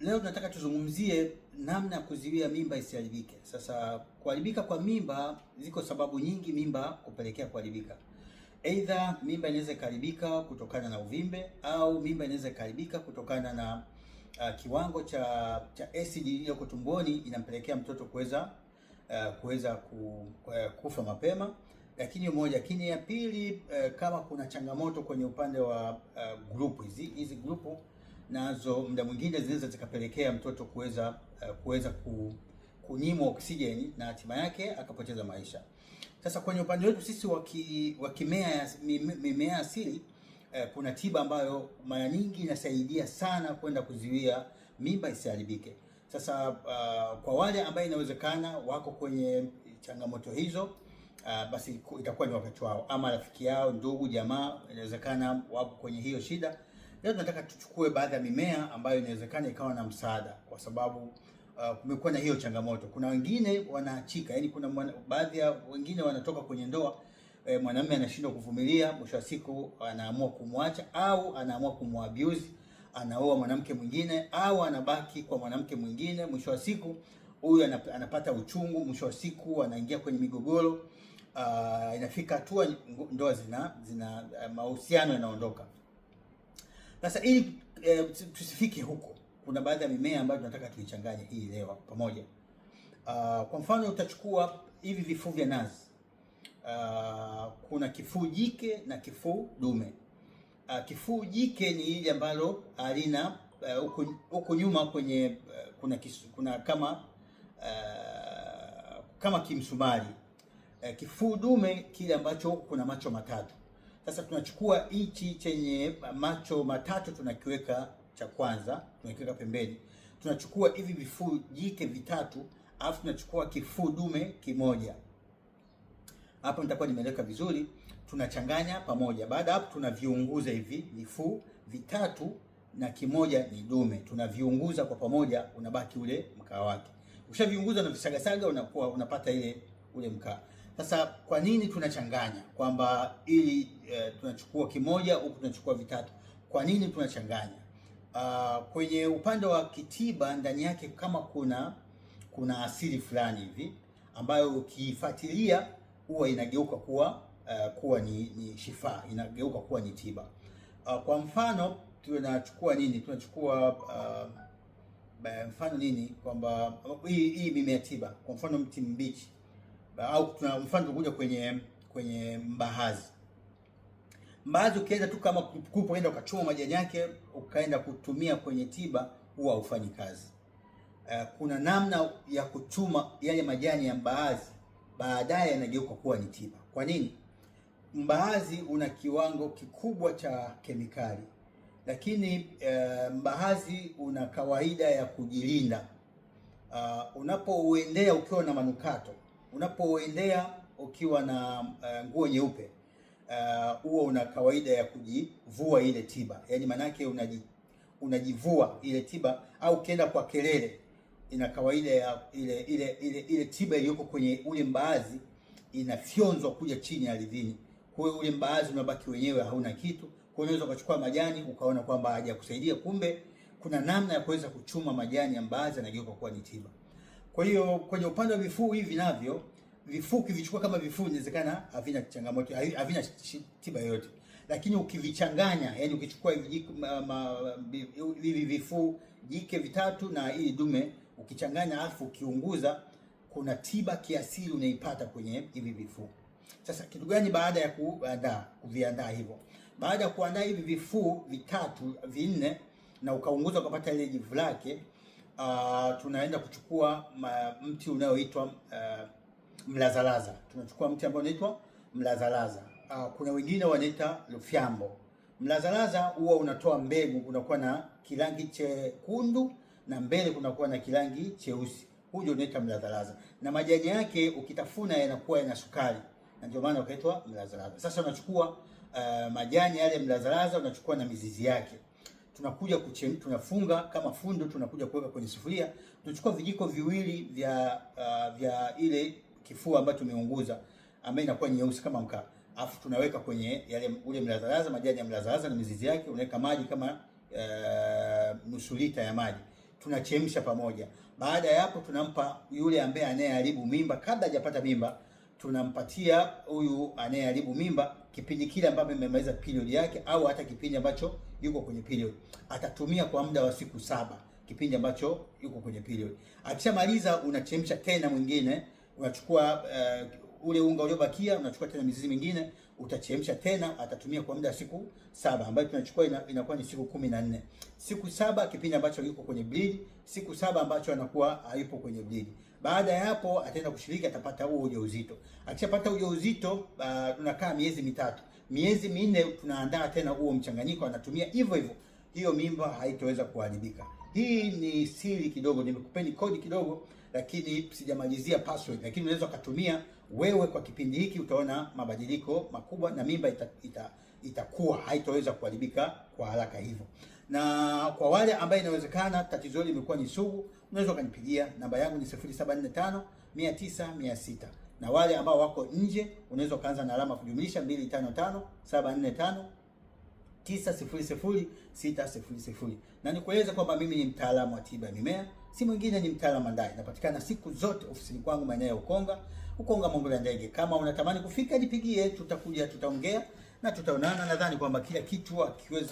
Leo tunataka tuzungumzie namna ya kuzuia mimba isiharibike. Sasa kuharibika kwa mimba, ziko sababu nyingi mimba kupelekea kuharibika. Aidha, mimba inaweza ikaharibika kutokana na uvimbe au mimba inaweza ikaharibika kutokana na uh, kiwango cha cha asidi iliyoko tumboni inampelekea mtoto kuweza uh, kuweza ku, uh, kufa mapema, lakini moja. Lakini ya pili, uh, kama kuna changamoto kwenye upande wa uh, grupu hizi hizi grupu nazo muda mwingine zinaweza zikapelekea mtoto kuweza eh, kuweza ku kunyimwa oksijeni na hatima yake akapoteza maisha. Sasa kwenye upande wetu sisi wa kimea mimea asili eh, kuna tiba ambayo mara nyingi inasaidia sana kwenda kuzuia mimba isiharibike. Sasa uh, kwa wale ambaye inawezekana wako kwenye changamoto hizo uh, basi itakuwa ni wakati wao, ama rafiki yao, ndugu, jamaa inawezekana wapo kwenye hiyo shida. Leo tunataka tuchukue baadhi ya mimea ambayo inawezekana ikawa na msaada, kwa sababu uh, kumekuwa na hiyo changamoto. Kuna wengine wanaachika, yani kuna baadhi ya wengine wanatoka kwenye ndoa e, mwanamume anashindwa kuvumilia, mwisho wa siku anaamua kumwacha au anaamua kumwabuse, anaoa mwanamke mwingine au anabaki kwa mwanamke mwingine. Mwisho wa siku huyu anapata uchungu, mwisho wa siku anaingia kwenye migogoro uh, inafika hatua ndoa zina, zina eh, mahusiano yanaondoka. Sasa ili e, tusifike huko, kuna baadhi ya mimea ambayo tunataka tuichanganye hii leo pamoja. Uh, kwa mfano utachukua hivi vifuu vya nazi. Uh, kuna kifuu jike na kifuu dume. Uh, kifuu jike ni ile ambalo halina eh, huko uh, nyuma kwenye uh, kuna kisu, kuna kama uh, kama kimsumari. Uh, kifuu dume kile ambacho kuna macho matatu. Sasa tunachukua hichi chenye macho matatu tunakiweka cha kwanza, tunakiweka pembeni. Tunachukua hivi vifuu jike vitatu, alafu tunachukua kifuu dume kimoja. Hapo nitakuwa nimeleka vizuri, tunachanganya pamoja. Baada hapo, tunaviunguza hivi vifuu vitatu na kimoja ni dume, tunaviunguza kwa pamoja, unabaki ule mkaa wake. Ukishaviunguza na visagasaga, unakuwa unapata ile ule mkaa. Sasa kwa nini tunachanganya kwamba ili e, tunachukua kimoja huku tunachukua vitatu? Kwa nini tunachanganya? Uh, kwenye upande wa kitiba ndani yake kama kuna kuna asili fulani hivi ambayo ukiifuatilia huwa inageuka kuwa uh, kuwa ni, ni shifa inageuka kuwa ni tiba. Uh, kwa mfano tunachukua nini? Tunachukua uh, mfano nini kwamba hii hii mimea tiba, kwa mfano mti mbichi au mfano tunakuja kwenye kwenye mbahazi. Mbahazi ukienda tu kama kupo enda ukachoma majani yake ukaenda kutumia kwenye tiba huwa haufanyi kazi. Uh, kuna namna ya kuchuma yale majani ya mbaazi, baadaye yanageuka kuwa ni tiba. Kwa nini? Mbaazi una kiwango kikubwa cha kemikali, lakini uh, eh, mbaazi una kawaida ya kujilinda. Uh, unapouendea ukiwa na manukato Unapoendea ukiwa na uh, nguo nyeupe eh, huo uh, una kawaida ya kujivua ile tiba, yaani maanake unaji, unajivua ile tiba, au ukienda kwa kelele ina kawaida ya ile ile ile, ile tiba iliyoko kwenye ule mbaazi inafyonzwa kuja chini ardhini. Kwa hiyo ule mbaazi unabaki wenyewe, hauna kitu. Kwa hiyo unaweza ukachukua majani ukaona kwamba hajakusaidia, kumbe kuna namna ya kuweza kuchuma majani ya mbaazi, anageuka kuwa ni tiba. Kwa hiyo kwenye upande wa vifuu hivi navyo, vifuu ukivichukua kama vifuu, inawezekana havina changamoto, havina tiba yoyote, lakini ukivichanganya, yani ukichukua hivi vifuu jike vitatu na hii dume ukichanganya, alafu ukiunguza, kuna tiba kiasili unaipata kwenye hivi vifuu. Sasa kitu gani baada ya kuandaa kuviandaa hivyo? Baada ya kuandaa hivi vifuu vitatu vinne na ukaunguza ukapata ile jivu lake uh, tunaenda kuchukua ma, mti unaoitwa uh, mlazalaza. Tunachukua mti ambao unaitwa mlazalaza. Uh, kuna wengine wanaita lufyambo. Mlazalaza huwa unatoa mbegu, unakuwa na kirangi chekundu na mbele kunakuwa na kirangi cheusi, huyo unaita mlazalaza, na majani yake ukitafuna yanakuwa yana sukari na ndio maana ukaitwa mlazalaza. Sasa unachukua uh, majani yale mlazalaza, unachukua na mizizi yake tunakuja kuchem, tunafunga kama fundo, tunakuja kuweka kwenye sufuria. Tunachukua vijiko viwili vya uh, vya ile kifua ambayo tumeunguza ambayo inakuwa nyeusi kama mkaa, afu tunaweka kwenye yale ule mlazalaza, majani ya mlazalaza na mizizi yake, unaweka maji kama uh, nusu lita ya maji tunachemsha pamoja. Baada ya hapo, tunampa yule ambaye anayeharibu mimba kabla hajapata mimba tunampatia huyu anayeharibu mimba kipindi kile ambacho imemaliza period yake, au hata kipindi ambacho yuko kwenye period. Atatumia kwa muda wa siku saba, kipindi ambacho yuko kwenye period. Akishamaliza unachemsha tena mwingine, unachukua uh, ule unga uliobakia unachukua tena mizizi mingine utachemsha tena, atatumia kwa muda siku saba, ambayo tunachukua ina, inakuwa ni siku kumi na nne. Siku saba kipindi ambacho yuko kwenye bleed, siku saba ambacho anakuwa hayupo kwenye bleed. Baada ya hapo ataenda kushiriki, atapata huo ujauzito. Akishapata ujauzito tunakaa uh, miezi mitatu, miezi minne tunaandaa tena huo mchanganyiko, anatumia hivyo hivyo, hiyo mimba haitoweza kuharibika. Hii ni siri kidogo, nimekupeni kodi kidogo lakini sijamalizia password, lakini unaweza ukatumia wewe kwa kipindi hiki, utaona mabadiliko makubwa na mimba itakuwa ita, ita haitaweza kuharibika kwa haraka hivyo. Na kwa wale ambaye inawezekana tatizo hili limekuwa ni sugu, unaweza ukanipigia, namba yangu ni 0745 109 600 na wale ambao wako nje unaweza ukaanza na alama kujumlisha 255 745 900 600. Na nikueleze kwamba mimi ni mtaalamu wa tiba ya mimea si mwingine ni mtaalamu Mandai. Napatikana siku zote ofisini kwangu maeneo ya Ukonga, Ukonga mambo ya ndege. Kama unatamani kufika, nipigie, tutakuja, tutaongea na tutaonana. Nadhani kwamba kila kitu hakiwezi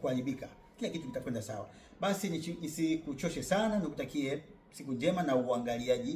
kuharibika, kila kitu kitakwenda sawa. Basi nisikuchoshe sana, nikutakie siku njema na uangaliaji